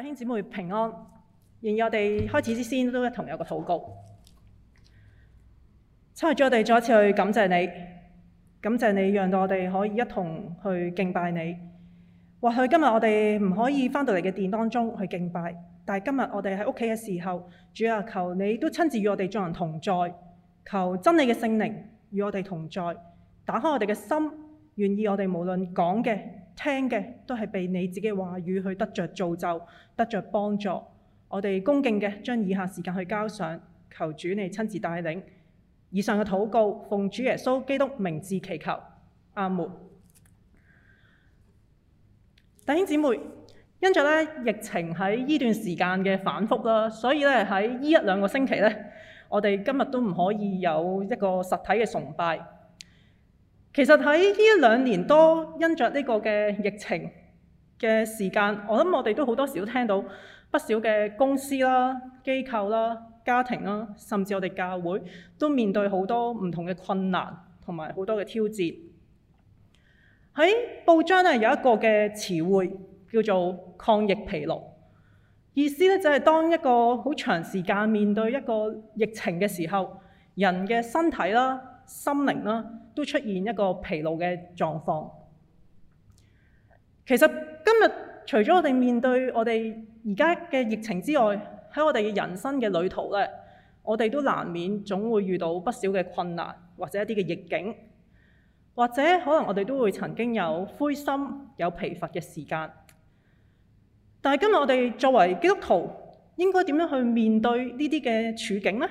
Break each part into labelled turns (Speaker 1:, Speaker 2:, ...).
Speaker 1: 弟兄姊妹平安，然而我哋開始之先都一同有個禱告。親愛咗我哋再一次去感謝你，感謝你讓到我哋可以一同去敬拜你。或許今日我哋唔可以返到嚟嘅殿當中去敬拜，但係今日我哋喺屋企嘅時候，主啊，求你都親自與我哋眾人同在，求真理嘅聖靈與我哋同在，打開我哋嘅心，願意我哋無論講嘅。聽嘅都係被你自己話語去得着造就，得着幫助。我哋恭敬嘅將以下時間去交上，求主你親自帶領。以上嘅禱告奉主耶穌基督名字祈求，阿門。弟兄姊妹，因著呢疫情喺呢段時間嘅反覆啦，所以呢喺呢一兩個星期呢，我哋今日都唔可以有一個實體嘅崇拜。其實喺呢兩年多因着呢個嘅疫情嘅時間，我諗我哋都好多時都聽到不少嘅公司啦、機構啦、家庭啦，甚至我哋教會都面對好多唔同嘅困難同埋好多嘅挑戰。喺報章呢有一個嘅詞彙叫做抗疫疲勞，意思呢就係當一個好長時間面對一個疫情嘅時候，人嘅身體啦。心靈啦，都出現一個疲勞嘅狀況。其實今日除咗我哋面對我哋而家嘅疫情之外，喺我哋嘅人生嘅旅途咧，我哋都難免總會遇到不少嘅困難，或者一啲嘅逆境，或者可能我哋都會曾經有灰心、有疲乏嘅時間。但係今日我哋作為基督徒，應該點樣去面對呢啲嘅處境呢？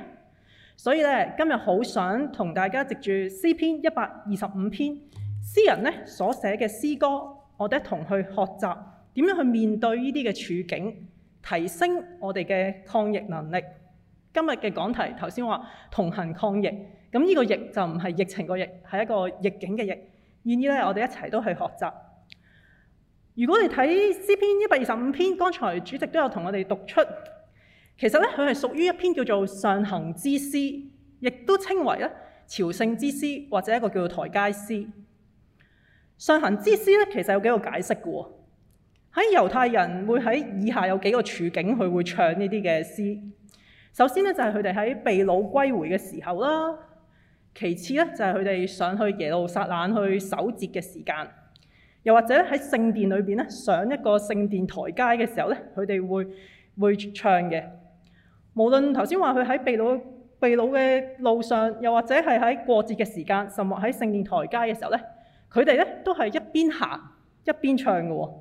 Speaker 1: 所以咧，今日好想同大家藉住《詩篇》一百二十五篇詩人咧所寫嘅詩歌，我哋一同去學習點樣去面對呢啲嘅處境，提升我哋嘅抗逆能力。今日嘅講題頭先話同行抗逆，咁呢個逆就唔係疫情個疫，係一個逆境嘅逆。願意咧我哋一齊都去學習。如果你睇《詩篇》一百二十五篇，剛才主席都有同我哋讀出。其實咧，佢係屬於一篇叫做上行之詩，亦都稱為咧朝聖之詩或者一個叫做台階詩。上行之詩咧，其實有幾個解釋嘅喎。喺猶太人會喺以下有幾個處境，佢會唱呢啲嘅詩。首先呢，就係佢哋喺被擄歸回嘅時候啦。其次咧，就係佢哋上去耶路撒冷去守節嘅時間，又或者喺聖殿裏邊咧上一個聖殿台階嘅時候咧，佢哋會會唱嘅。無論頭先話佢喺秘魯秘魯嘅路上，又或者係喺過節嘅時間，甚或喺聖殿台階嘅時候咧，佢哋咧都係一邊行一邊唱嘅。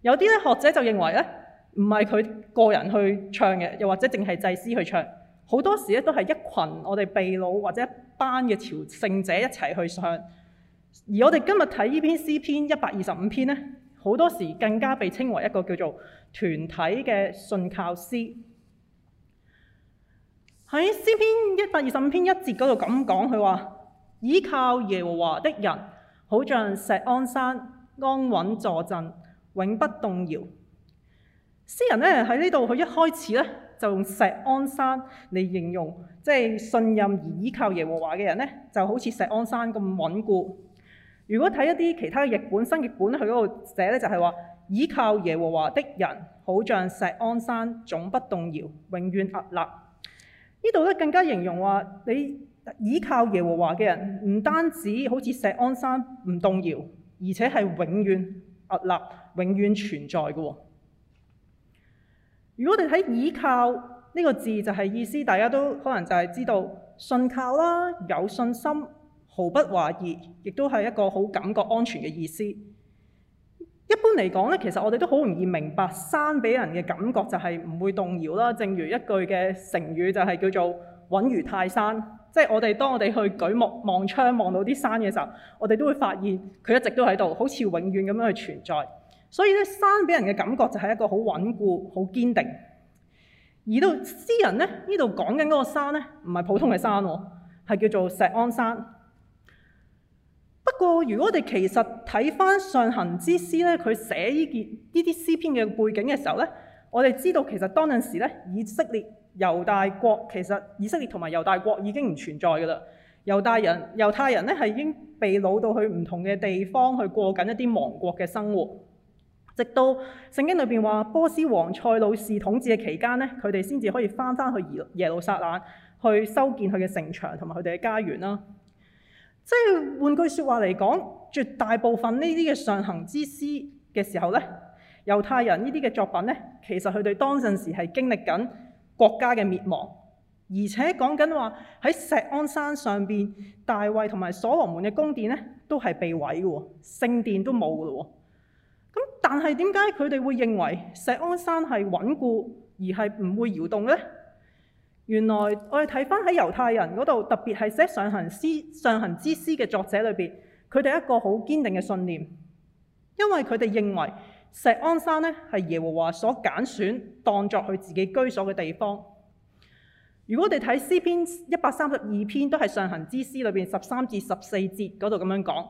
Speaker 1: 有啲咧學者就認為咧，唔係佢個人去唱嘅，又或者淨係祭司去唱，好多時咧都係一群我哋秘魯或者一班嘅朝聖者一齊去唱。而我哋今日睇呢篇詩篇一百二十五篇咧，好多時更加被稱為一個叫做團體嘅信靠詩。喺詩篇一百二十五篇一節嗰度咁講，佢話倚靠耶和華的人，好像錫安山，安穩坐鎮，永不動搖。詩人呢喺呢度，佢一開始呢，就用錫安山嚟形容，即係信任而倚靠耶和華嘅人呢，就好似錫安山咁穩固。如果睇一啲其他嘅譯本、新譯本，佢嗰度寫呢，就係話倚靠耶和華的人，好像錫安山，總不動搖，永遠屹立。呢度咧更加形容話，你依靠耶和華嘅人，唔單止好似錫安山唔動搖，而且係永遠屹立、永遠存在嘅。如果你睇依靠呢個字，就係意思大家都可能就係知道信靠啦，有信心，毫不懷疑，亦都係一個好感覺安全嘅意思。一般嚟講咧，其實我哋都好容易明白山俾人嘅感覺就係唔會動搖啦。正如一句嘅成語就係叫做穩如泰山，即係我哋當我哋去舉目望窗望到啲山嘅時候，我哋都會發現佢一直都喺度，好似永遠咁樣去存在。所以咧，山俾人嘅感覺就係一個好穩固、好堅定。而到詩人咧，呢度講緊嗰個山咧，唔係普通嘅山喎，係叫做錫安山。不過，如果我哋其實睇翻上行之詩咧，佢寫呢件呢啲詩篇嘅背景嘅時候咧，我哋知道其實當陣時咧，以色列猶大國其實以色列同埋猶大國已經唔存在噶啦，猶大人猶太人咧係已經被擄到去唔同嘅地方去過緊一啲亡國嘅生活，直到聖經裏邊話波斯王塞魯士統治嘅期間咧，佢哋先至可以翻翻去耶路撒冷去修建佢嘅城牆同埋佢哋嘅家園啦。即係換句説話嚟講，絕大部分呢啲嘅上行之詩嘅時候呢，猶太人呢啲嘅作品呢，其實佢哋當陣時係經歷緊國家嘅滅亡，而且講緊話喺錫安山上邊，大衛同埋所羅門嘅宮殿呢，都係被毀嘅喎，聖殿都冇嘅喎。咁但係點解佢哋會認為錫安山係穩固而係唔會搖動呢？原來我哋睇返喺猶太人嗰度，特別係寫上行詩、上行之詩嘅作者裏邊，佢哋一個好堅定嘅信念，因為佢哋認為錫安山呢係耶和華所揀選，當作佢自己居所嘅地方。如果我哋睇詩篇一百三十二篇，都係上行之詩裏邊十三至十四節嗰度咁樣講，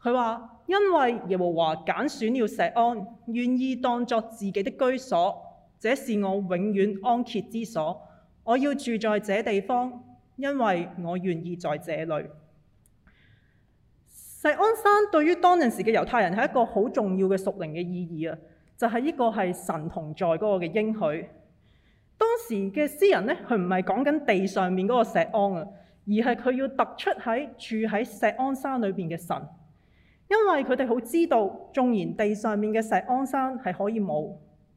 Speaker 1: 佢話因為耶和華揀選了錫安，願意當作自己的居所，這是我永遠安歇之所。我要住在這地方，因為我願意在這裏。石安山對於當陣時嘅猶太人係一個好重要嘅屬靈嘅意義啊！就係、是、呢個係神同在嗰個嘅應許。當時嘅詩人呢，佢唔係講緊地上面嗰個石安啊，而係佢要突出喺住喺石安山裏邊嘅神，因為佢哋好知道，縱然地上面嘅石安山係可以冇，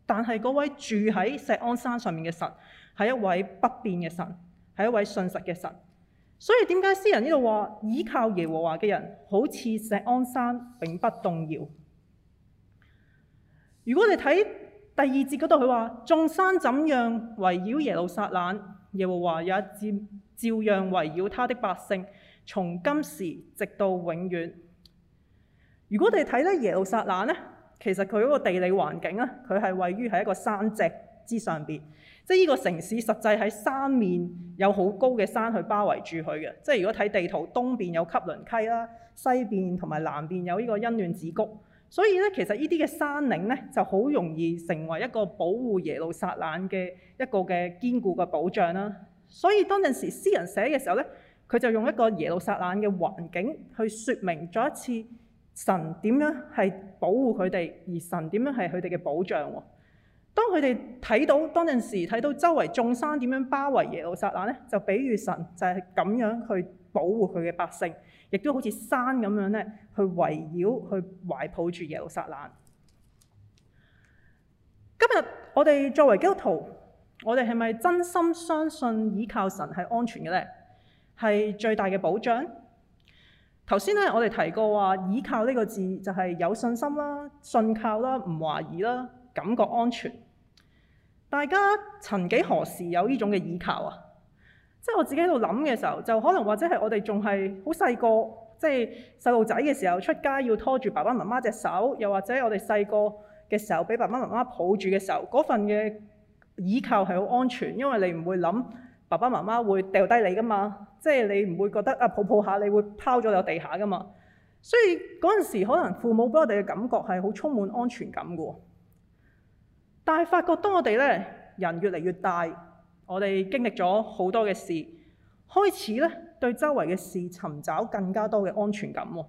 Speaker 1: 但係嗰位住喺石安山上面嘅神。係一位不變嘅神，係一位信實嘅神，所以點解詩人呢度話倚靠耶和華嘅人好似錫安山，永不動搖。如果你睇第二節嗰度，佢話眾山怎樣圍繞耶路撒冷，耶和華也照照樣圍繞他的百姓，從今時直到永遠。如果你睇呢耶路撒冷呢，其實佢嗰個地理環境啊，佢係位於喺一個山脊之上邊。即係呢個城市實際喺山面有好高嘅山去包圍住佢嘅。即係如果睇地圖，東邊有吸倫溪啦，西邊同埋南邊有呢個欣嫩子谷，所以咧其實呢啲嘅山嶺咧就好容易成為一個保護耶路撒冷嘅一個嘅堅固嘅保障啦。所以當陣時詩人寫嘅時候咧，佢就用一個耶路撒冷嘅環境去説明咗一次神點樣係保護佢哋，而神點樣係佢哋嘅保障喎。當佢哋睇到當陣時睇到周圍眾山點樣包圍耶路撒冷咧，就比喻神就係咁樣去保護佢嘅百姓，亦都好似山咁樣咧去圍繞去懷抱住耶路撒冷。今日我哋作為基督徒，我哋係咪真心相信倚靠神係安全嘅咧？係最大嘅保障。頭先咧，我哋提過話，倚靠呢個字就係有信心啦、信靠啦、唔懷疑啦、感覺安全。大家曾幾何時有呢種嘅倚靠啊？即係我自己喺度諗嘅時候，就可能或者係我哋仲係好細個，即係細路仔嘅時候，出街要拖住爸爸媽媽隻手，又或者我哋細個嘅時候俾爸爸媽媽抱住嘅時候，嗰份嘅倚靠係好安全，因為你唔會諗爸爸媽媽會掉低你噶嘛，即係你唔會覺得啊抱抱下你會拋咗落地下噶嘛。所以嗰陣時可能父母俾我哋嘅感覺係好充滿安全感嘅。但係發覺當我哋咧人越嚟越大，我哋經歷咗好多嘅事，開始咧對周圍嘅事尋找更加多嘅安全感喎。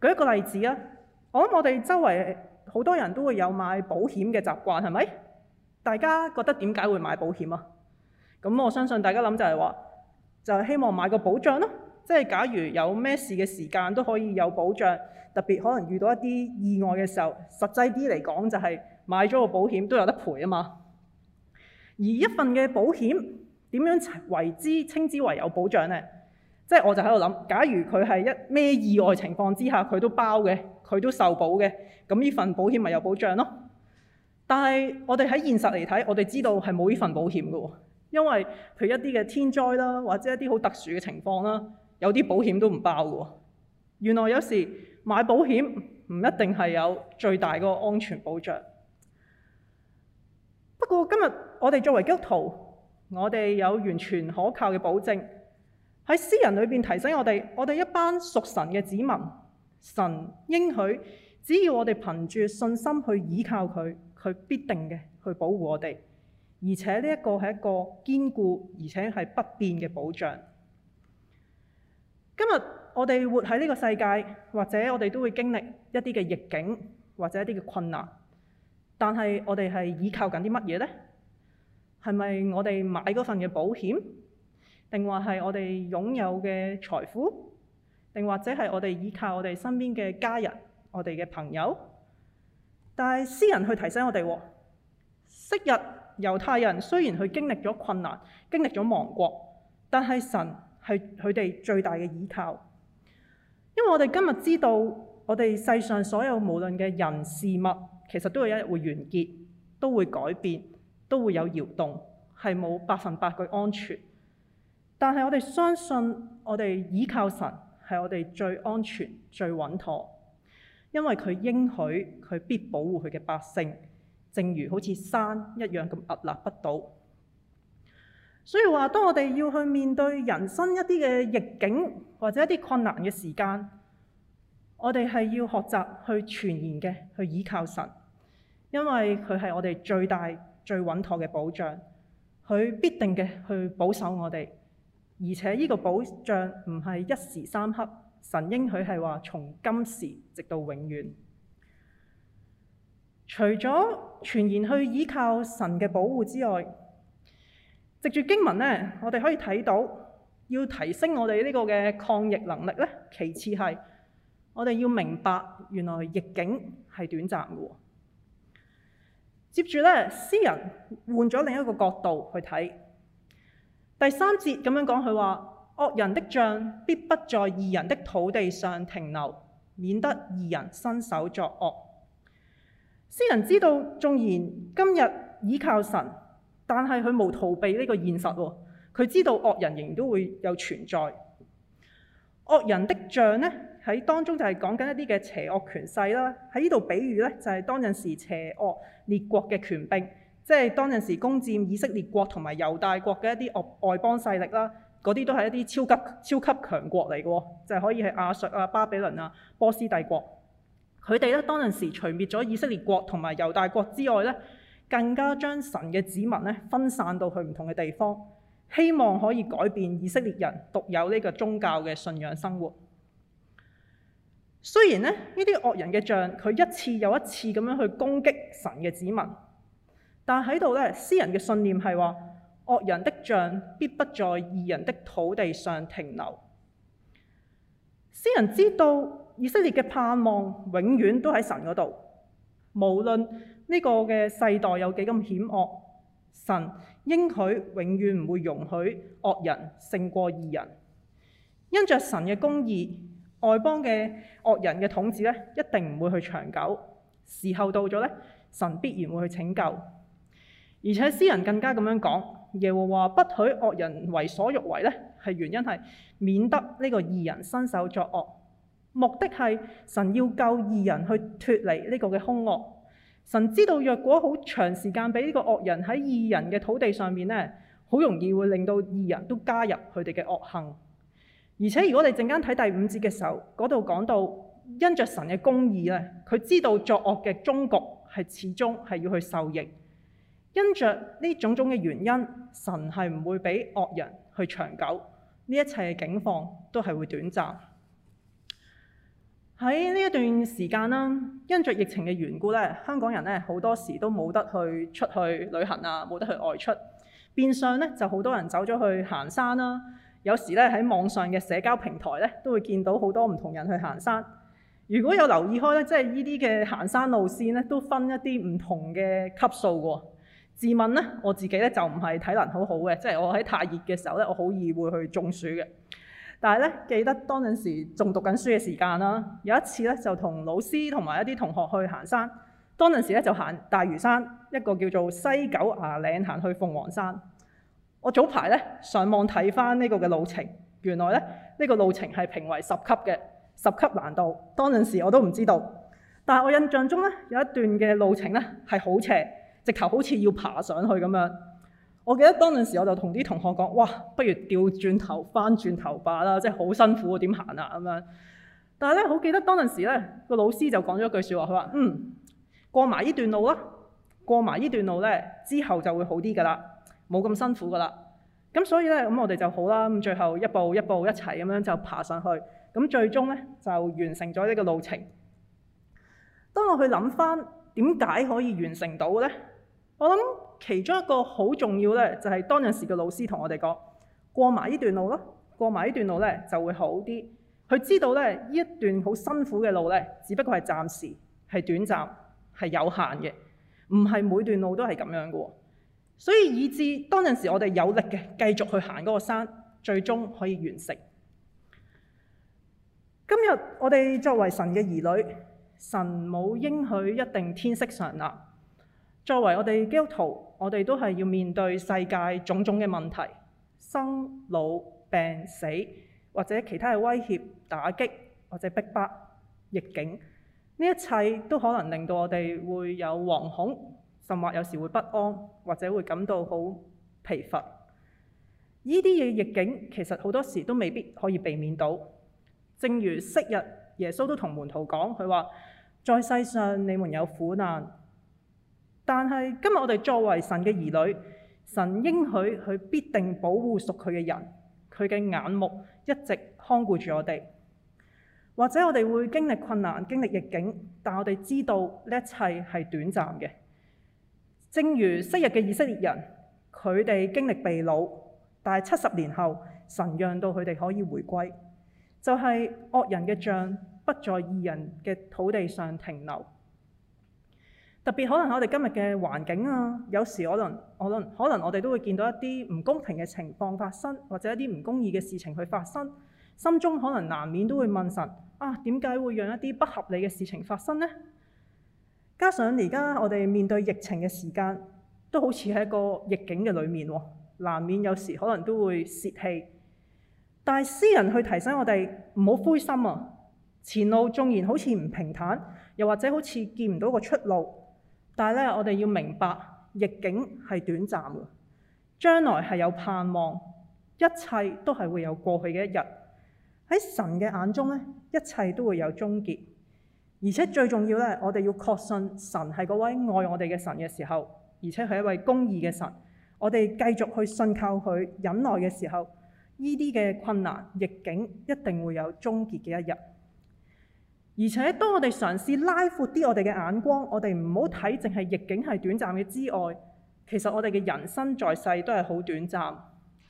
Speaker 1: 舉一個例子啊，我諗我哋周圍好多人都會有買保險嘅習慣，係咪？大家覺得點解會買保險啊？咁我相信大家諗就係話，就係希望買個保障咯，即係假如有咩事嘅時間都可以有保障，特別可能遇到一啲意外嘅時候，實際啲嚟講就係。買咗個保險都有得賠啊嘛。而一份嘅保險點樣為之稱之為有保障呢？即係我就喺度諗，假如佢係一咩意外情況之下佢都包嘅，佢都受保嘅，咁呢份保險咪有保障咯？但係我哋喺現實嚟睇，我哋知道係冇呢份保險嘅，因為佢一啲嘅天災啦，或者一啲好特殊嘅情況啦，有啲保險都唔包嘅。原來有時買保險唔一定係有最大嗰個安全保障。不過今日我哋作為基督徒，我哋有完全可靠嘅保證，喺詩人裏面提醒我哋，我哋一班屬神嘅子民，神應許，只要我哋憑住信心去倚靠佢，佢必定嘅去保護我哋，而且呢一個係一個堅固而且係不變嘅保障。今日我哋活喺呢個世界，或者我哋都會經歷一啲嘅逆境，或者一啲嘅困難。但係我哋係依靠緊啲乜嘢呢？係咪我哋買嗰份嘅保險，定話係我哋擁有嘅財富，定或者係我哋依靠我哋身邊嘅家人、我哋嘅朋友？但係詩人去提醒我哋，昔日猶太人雖然佢經歷咗困難、經歷咗亡國，但係神係佢哋最大嘅依靠。因為我哋今日知道，我哋世上所有無論嘅人事物。其實都有一日會完結，都會改變，都會有搖動，係冇百分百嘅安全。但係我哋相信，我哋倚靠神係我哋最安全、最穩妥，因為佢應許佢必保護佢嘅百姓，正如好似山一樣咁屹立不倒。所以話，當我哋要去面對人生一啲嘅逆境或者一啲困難嘅時間，我哋係要學習去全然嘅去倚靠神。因為佢係我哋最大、最穩妥嘅保障，佢必定嘅去保守我哋，而且呢個保障唔係一時三刻，神應佢係話從今時直到永遠。除咗傳言去依靠神嘅保護之外，藉住經文呢，我哋可以睇到要提升我哋呢個嘅抗疫能力呢。其次係我哋要明白，原來逆境係短暫喎。接住呢，詩人換咗另一個角度去睇。第三節咁樣講，佢話惡人的杖必不在義人的土地上停留，免得義人伸手作惡。詩人知道縱然今日倚靠神，但係佢冇逃避呢個現實喎。佢知道惡人仍都會有存在。惡人的杖呢？喺當中就係講緊一啲嘅邪惡權勢啦。喺呢度比喻咧，就係當陣時邪惡列國嘅權兵，即係當陣時攻佔以色列國同埋猶大國嘅一啲外邦勢力啦。嗰啲都係一啲超級超級強國嚟嘅，就係可以係亞述啊、巴比倫啊、波斯帝國。佢哋咧當陣時除滅咗以色列國同埋猶大國之外咧，更加將神嘅子民咧分散到去唔同嘅地方，希望可以改變以色列人獨有呢個宗教嘅信仰生活。雖然呢呢啲惡人嘅杖，佢一次又一次咁樣去攻擊神嘅子民，但喺度呢，詩人嘅信念係話：惡人的杖必不在義人的土地上停留。詩人知道以色列嘅盼望永遠都喺神嗰度，無論呢個嘅世代有幾咁險惡，神應許永遠唔會容許惡人勝過義人。因着神嘅公義。外邦嘅惡人嘅統治咧，一定唔會去長久。時候到咗咧，神必然會去拯救。而且詩人更加咁樣講：耶和華不許惡人為所欲為咧，係原因係免得呢個義人伸手作惡。目的係神要救義人去脫離呢個嘅凶惡。神知道若果好長時間俾呢個惡人喺義人嘅土地上面呢，咧，好容易會令到義人都加入佢哋嘅惡行。而且，如果你陣間睇第五節嘅時候，嗰度講到因着神嘅公義咧，佢知道作惡嘅終局係始終係要去受刑。因着呢種種嘅原因，神係唔會俾惡人去長久。呢一切嘅境況都係會短暫。喺呢一段時間啦，因着疫情嘅緣故咧，香港人咧，好多時都冇得去出去旅行啊，冇得去外出，變相咧就好多人走咗去行山啦。有時咧喺網上嘅社交平台咧，都會見到好多唔同人去行山。如果有留意開咧，即係呢啲嘅行山路線咧，都分一啲唔同嘅級數嘅。自問咧，我自己咧就唔係體能好好嘅，即係我喺太熱嘅時候咧，我好易會去中暑嘅。但係咧，記得當陣時仲讀緊書嘅時間啦，有一次咧就同老師同埋一啲同學去行山。當陣時咧就行大嶼山，一個叫做西九牙嶺行去鳳凰山。我早排咧上網睇翻呢個嘅路程，原來咧呢個路程係評為十級嘅十級難度。當陣時我都唔知道，但係我印象中咧有一段嘅路程咧係好斜，直頭好似要爬上去咁樣。我記得當陣時我就同啲同學講：哇，不如掉轉頭翻轉頭吧啦，即係好辛苦啊，點行啊咁樣。但係咧好記得當陣時咧個老師就講咗一句説話，佢話：嗯，過埋呢段路啦，過埋呢段路咧之後就會好啲噶啦。冇咁辛苦噶啦，咁所以咧，咁我哋就好啦。咁最後一步一步一齊咁樣就爬上去，咁最終咧就完成咗呢個路程。當我去諗翻點解可以完成到咧？我諗其中一個好重要咧，就係當陣時個老師同我哋講：過埋呢段路咯，過埋呢段路咧就會好啲。佢知道咧，呢一段好辛苦嘅路咧，只不過係暫時、係短暫、係有限嘅，唔係每段路都係咁樣嘅。所以以致當陣時，我哋有力嘅繼續去行嗰個山，最終可以完成。今日我哋作為神嘅兒女，神冇應許一定天色常藍。作為我哋基督徒，我哋都係要面對世界種種嘅問題，生老病死或者其他嘅威脅、打擊或者逼迫逆境，呢一切都可能令到我哋會有惶恐。甚或有時會不安，或者會感到好疲乏。呢啲嘢逆境，其實好多時都未必可以避免到。正如昔日耶穌都同門徒講，佢話：在世上你們有苦難，但係今日我哋作為神嘅兒女，神應許佢必定保護屬佢嘅人，佢嘅眼目一直看顧住我哋。或者我哋會經歷困難、經歷逆境，但我哋知道呢一切係短暫嘅。正如昔日嘅以色列人，佢哋經歷被擄，但係七十年後，神讓到佢哋可以回歸。就係、是、惡人嘅杖不在義人嘅土地上停留。特別可能我哋今日嘅環境啊，有時可能我諗，可能我哋都會見到一啲唔公平嘅情況發生，或者一啲唔公義嘅事情去發生，心中可能難免都會問神：啊，點解會讓一啲不合理嘅事情發生呢？加上而家我哋面對疫情嘅時間，都好似喺一個逆境嘅裏面喎，難免有時可能都會泄氣。但係詩人去提醒我哋唔好灰心啊！前路縱然好似唔平坦，又或者好似見唔到個出路，但係呢，我哋要明白逆境係短暫嘅，將來係有盼望，一切都係會有過去嘅一日。喺神嘅眼中呢，一切都會有終結。而且最重要咧，我哋要確信神係嗰位愛我哋嘅神嘅時候，而且係一位公義嘅神。我哋繼續去信靠佢忍耐嘅時候，呢啲嘅困難逆境一定會有終結嘅一日。而且當我哋嘗試拉闊啲我哋嘅眼光，我哋唔好睇淨係逆境係短暫嘅之外，其實我哋嘅人生在世都係好短暫。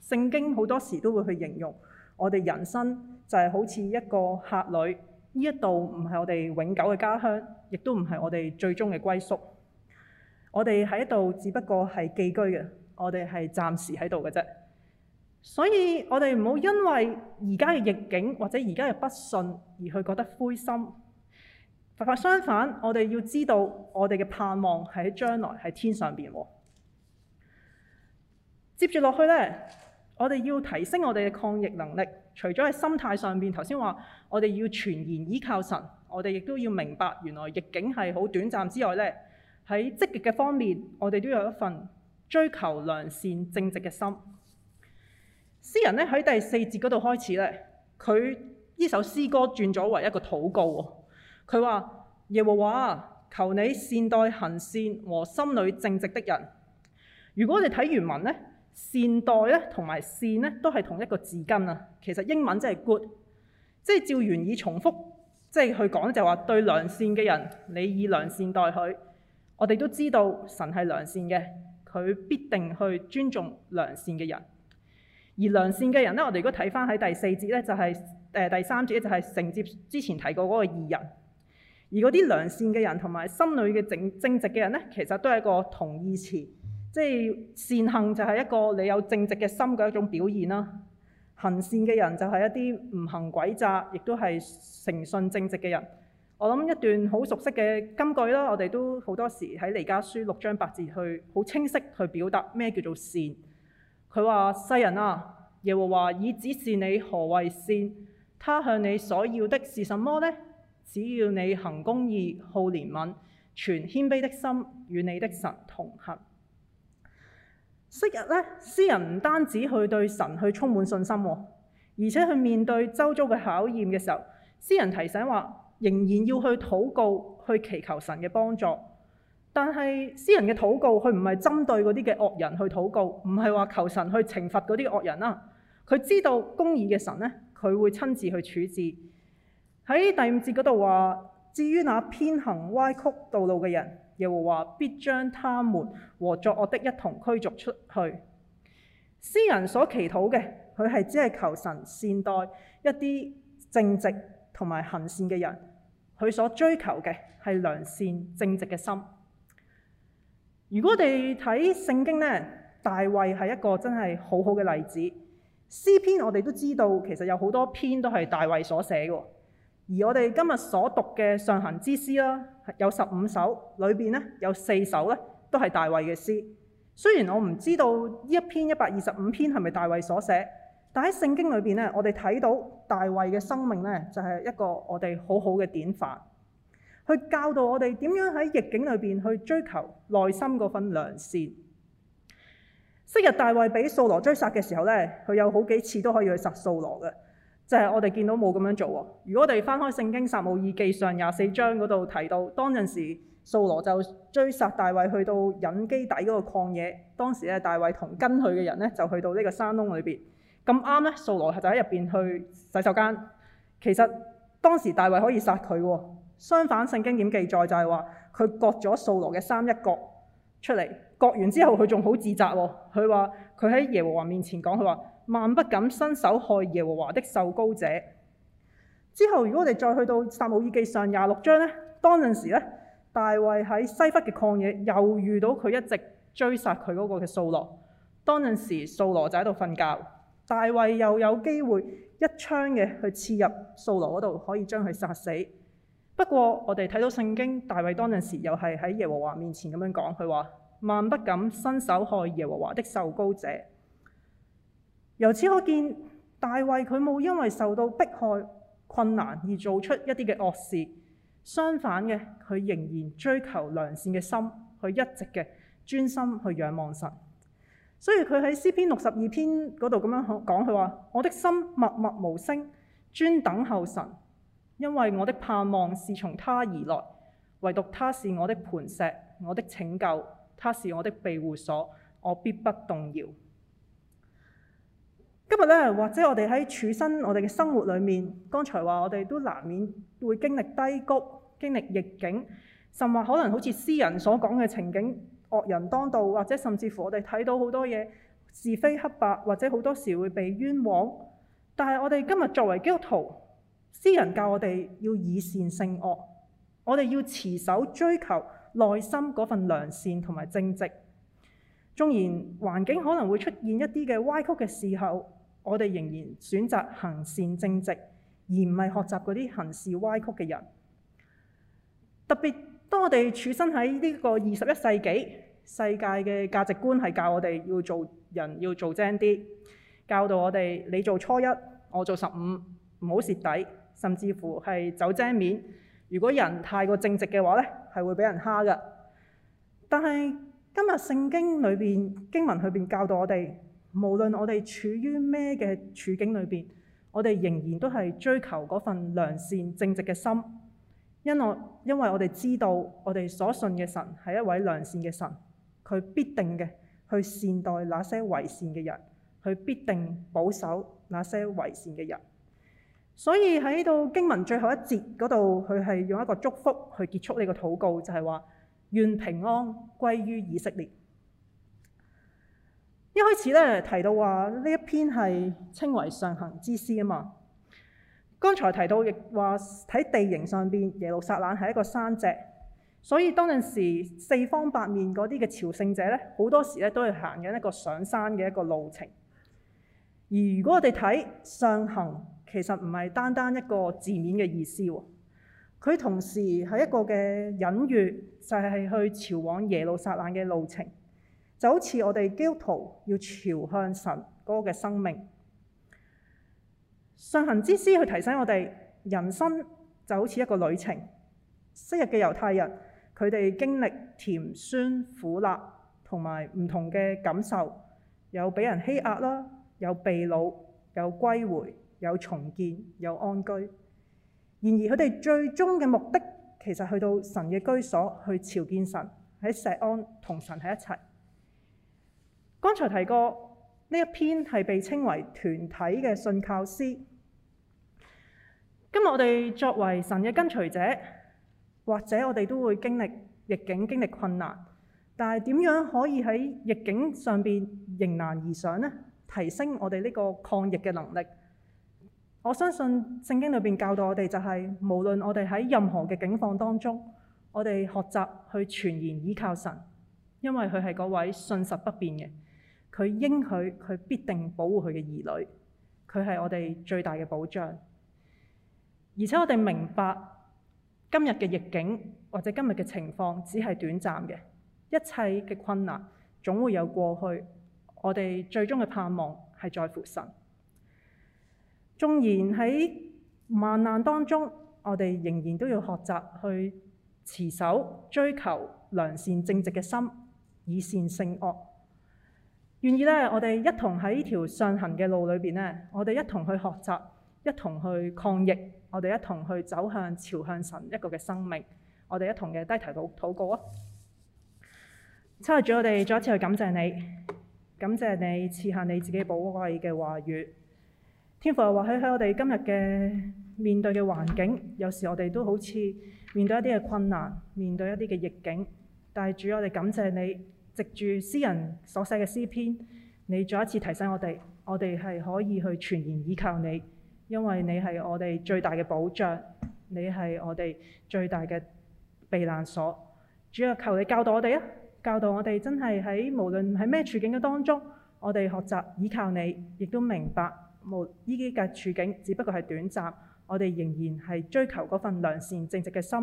Speaker 1: 聖經好多時都會去形容我哋人生就係好似一個客旅。呢一度唔係我哋永久嘅家鄉，亦都唔係我哋最終嘅歸宿。我哋喺度只不過係寄居嘅，我哋係暫時喺度嘅啫。所以我哋唔好因為而家嘅逆境或者而家嘅不信而去覺得灰心。相反，我哋要知道我哋嘅盼望係喺將來，喺天上邊。接住落去呢，我哋要提升我哋嘅抗逆能力。除咗喺心態上面，頭先話我哋要全然依靠神，我哋亦都要明白原來逆境係好短暫之外呢，喺積極嘅方面，我哋都有一份追求良善正直嘅心。詩人咧，喺第四節嗰度開始呢，佢呢首詩歌轉咗為一個禱告。佢話：耶和華，求你善待行善和心裏正直的人。如果我哋睇原文呢。善待咧，同埋善咧，都係同一個字根啊。其實英文即係 good，即係照原意重複，即係去講就話、是、對良善嘅人，你以良善待佢。我哋都知道神係良善嘅，佢必定去尊重良善嘅人。而良善嘅人咧，我哋如果睇翻喺第四節咧，就係、是、誒、呃、第三節就係、是、承接之前提過嗰個義人。而嗰啲良善嘅人同埋心裏嘅正正直嘅人咧，其實都係一個同義詞。即係善行就係一個你有正直嘅心嘅一種表現啦。行善嘅人就係一啲唔行詭詐，亦都係誠信正直嘅人。我諗一段好熟悉嘅金句啦，我哋都好多時喺彌迦書六章八字去好清晰去表達咩叫做善。佢話：世人啊，耶和華已指示你何為善，他向你所要的是什麼呢？只要你行公義、好憐憫、存謙卑的心，與你的神同行。昔日呢，詩人唔單止去對神去充滿信心，而且去面對周遭嘅考驗嘅時候，詩人提醒話，仍然要去禱告，去祈求神嘅幫助。但係，詩人嘅禱告佢唔係針對嗰啲嘅惡人去禱告，唔係話求神去懲罰嗰啲惡人啦。佢知道公義嘅神呢，佢會親自去處置。喺第五節嗰度話，至於那偏行歪曲道路嘅人。又會話，必將他們和作惡的一同驅逐出去。詩人所祈禱嘅，佢係只係求神善待一啲正直同埋行善嘅人。佢所追求嘅係良善正直嘅心。如果我哋睇聖經呢，大衛係一個真係好好嘅例子。詩篇我哋都知道，其實有好多篇都係大衛所寫嘅。而我哋今日所讀嘅上行之詩啦。有十五首，裏邊呢，有四首呢，都係大衛嘅詩。雖然我唔知道呢一篇一百二十五篇係咪大衛所寫，但喺聖經裏邊呢，我哋睇到大衛嘅生命呢，就係一個我哋好好嘅典範，去教導我哋點樣喺逆境裏邊去追求內心嗰份良善。昔日大衛俾掃羅追殺嘅時候呢，佢有好幾次都可以去殺掃羅嘅。即係我哋見到冇咁樣做喎。如果我哋翻開《聖經撒母耳記》上廿四章嗰度提到，當陣時掃羅就追殺大衛，去到隱基底嗰個曠野。當時咧，大衛同跟佢嘅人呢，就去到呢個山窿裏邊。咁啱呢，掃羅就喺入邊去洗手間。其實當時大衛可以殺佢喎。相反，《聖經》點記載就係話佢割咗掃羅嘅衫一角出嚟。割完之後，佢仲好自責。佢話：佢喺耶和華面前講，佢話。萬不敢伸手害耶和華的受膏者。之後，如果我哋再去到撒母耳記上廿六章咧，當陣時咧，大衛喺西弗嘅曠野又遇到佢一直追殺佢嗰個嘅掃羅。當陣時，掃羅就喺度瞓覺，大衛又有機會一槍嘅去刺入掃羅嗰度，可以將佢殺死。不過，我哋睇到聖經，大衛當陣時又係喺耶和華面前咁樣講，佢話：萬不敢伸手害耶和華的受膏者。由此可見，大衛佢冇因為受到迫害困難而做出一啲嘅惡事，相反嘅，佢仍然追求良善嘅心，佢一直嘅專心去仰望神。所以佢喺詩篇六十二篇嗰度咁樣講，佢話：我的心默默無聲，專等候神，因為我的盼望是從他而來，唯獨他是我的磐石，我的拯救，他是我的庇護所，我必不動搖。今日呢，或者我哋喺處身我哋嘅生活裏面，剛才話我哋都難免會經歷低谷、經歷逆境，甚或可能好似詩人所講嘅情景，惡人當道，或者甚至乎我哋睇到好多嘢是非黑白，或者好多時會被冤枉。但係我哋今日作為基督徒，詩人教我哋要以善勝惡，我哋要持守追求內心嗰份良善同埋正直。縱然環境可能會出現一啲嘅歪曲嘅時候，我哋仍然選擇行善正直，而唔係學習嗰啲行事歪曲嘅人。特別當我哋處身喺呢個二十一世紀世界嘅價值觀，係教我哋要做人要做精啲，教導我哋你做初一，我做十五，唔好蝕底，甚至乎係走精面。如果人太過正直嘅話呢，係會俾人蝦㗎。但係今日聖經裏邊經文裏邊教導我哋。無論我哋處於咩嘅處境裏邊，我哋仍然都係追求嗰份良善正直嘅心，因我因為我哋知道我哋所信嘅神係一位良善嘅神，佢必定嘅去善待那些為善嘅人，佢必定保守那些為善嘅人。所以喺到經文最後一節嗰度，佢係用一個祝福去結束呢個禱告，就係話願平安歸於以色列。一開始呢，提到話呢一篇係稱為上行之詩啊嘛，剛才提到亦話喺地形上邊，耶路撒冷係一個山脊，所以當陣時四方八面嗰啲嘅朝聖者呢，好多時呢都係行緊一個上山嘅一個路程。而如果我哋睇上行，其實唔係單單一個字面嘅意思喎，佢同時係一個嘅隱喻，就係去朝往耶路撒冷嘅路程。就好似我哋基督徒要朝向神哥嘅生命，上行之詩去提醒我哋，人生就好似一個旅程。昔日嘅猶太人，佢哋經歷甜酸苦辣，同埋唔同嘅感受，有俾人欺壓啦，有被擄，有歸回，有重建，有安居。然而佢哋最終嘅目的，其實去到神嘅居所去朝見神，喺錫安同神喺一齊。剛才提過呢一篇係被稱為團體嘅信靠詩。今日我哋作為神嘅跟隨者，或者我哋都會經歷逆境、經歷困難，但係點樣可以喺逆境上邊迎難而上呢？提升我哋呢個抗逆嘅能力。我相信聖經裏邊教導我哋就係、是，無論我哋喺任何嘅境況當中，我哋學習去全然依靠神，因為佢係嗰位信實不變嘅。佢應許佢必定保護佢嘅兒女，佢係我哋最大嘅保障。而且我哋明白今日嘅逆境或者今日嘅情況只係短暫嘅，一切嘅困難總會有過去。我哋最終嘅盼望係在乎神。縱然喺萬難當中，我哋仍然都要學習去持守追求良善正直嘅心，以善勝惡。願意呢，我哋一同喺呢條上行嘅路裏邊呢，我哋一同去學習，一同去抗疫，我哋一同去走向朝向神一個嘅生命，我哋一同嘅低頭禱告啊！親愛主，我哋再一次去感謝你，感謝你賜下你自己寶貴嘅話語。天父啊，又或許喺我哋今日嘅面對嘅環境，有時我哋都好似面對一啲嘅困難，面對一啲嘅逆境，但係主，我哋感謝你。藉住詩人所寫嘅詩篇，你再一次提醒我哋，我哋係可以去全然依靠你，因為你係我哋最大嘅保障，你係我哋最大嘅避難所。主啊，求你教導我哋啊，教導我哋真係喺無論喺咩處境嘅當中，我哋學習依靠你，亦都明白無依家嘅處境只不過係短暫，我哋仍然係追求嗰份良善正直嘅心。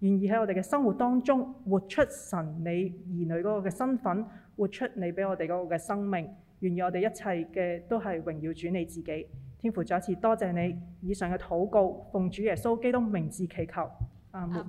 Speaker 1: 願意喺我哋嘅生活當中活出神你兒女嗰個嘅身份，活出你俾我哋嗰個嘅生命。願意我哋一切嘅都係榮耀主你自己。天父再一次多謝你以上嘅禱告，奉主耶穌基督名字祈求。阿們。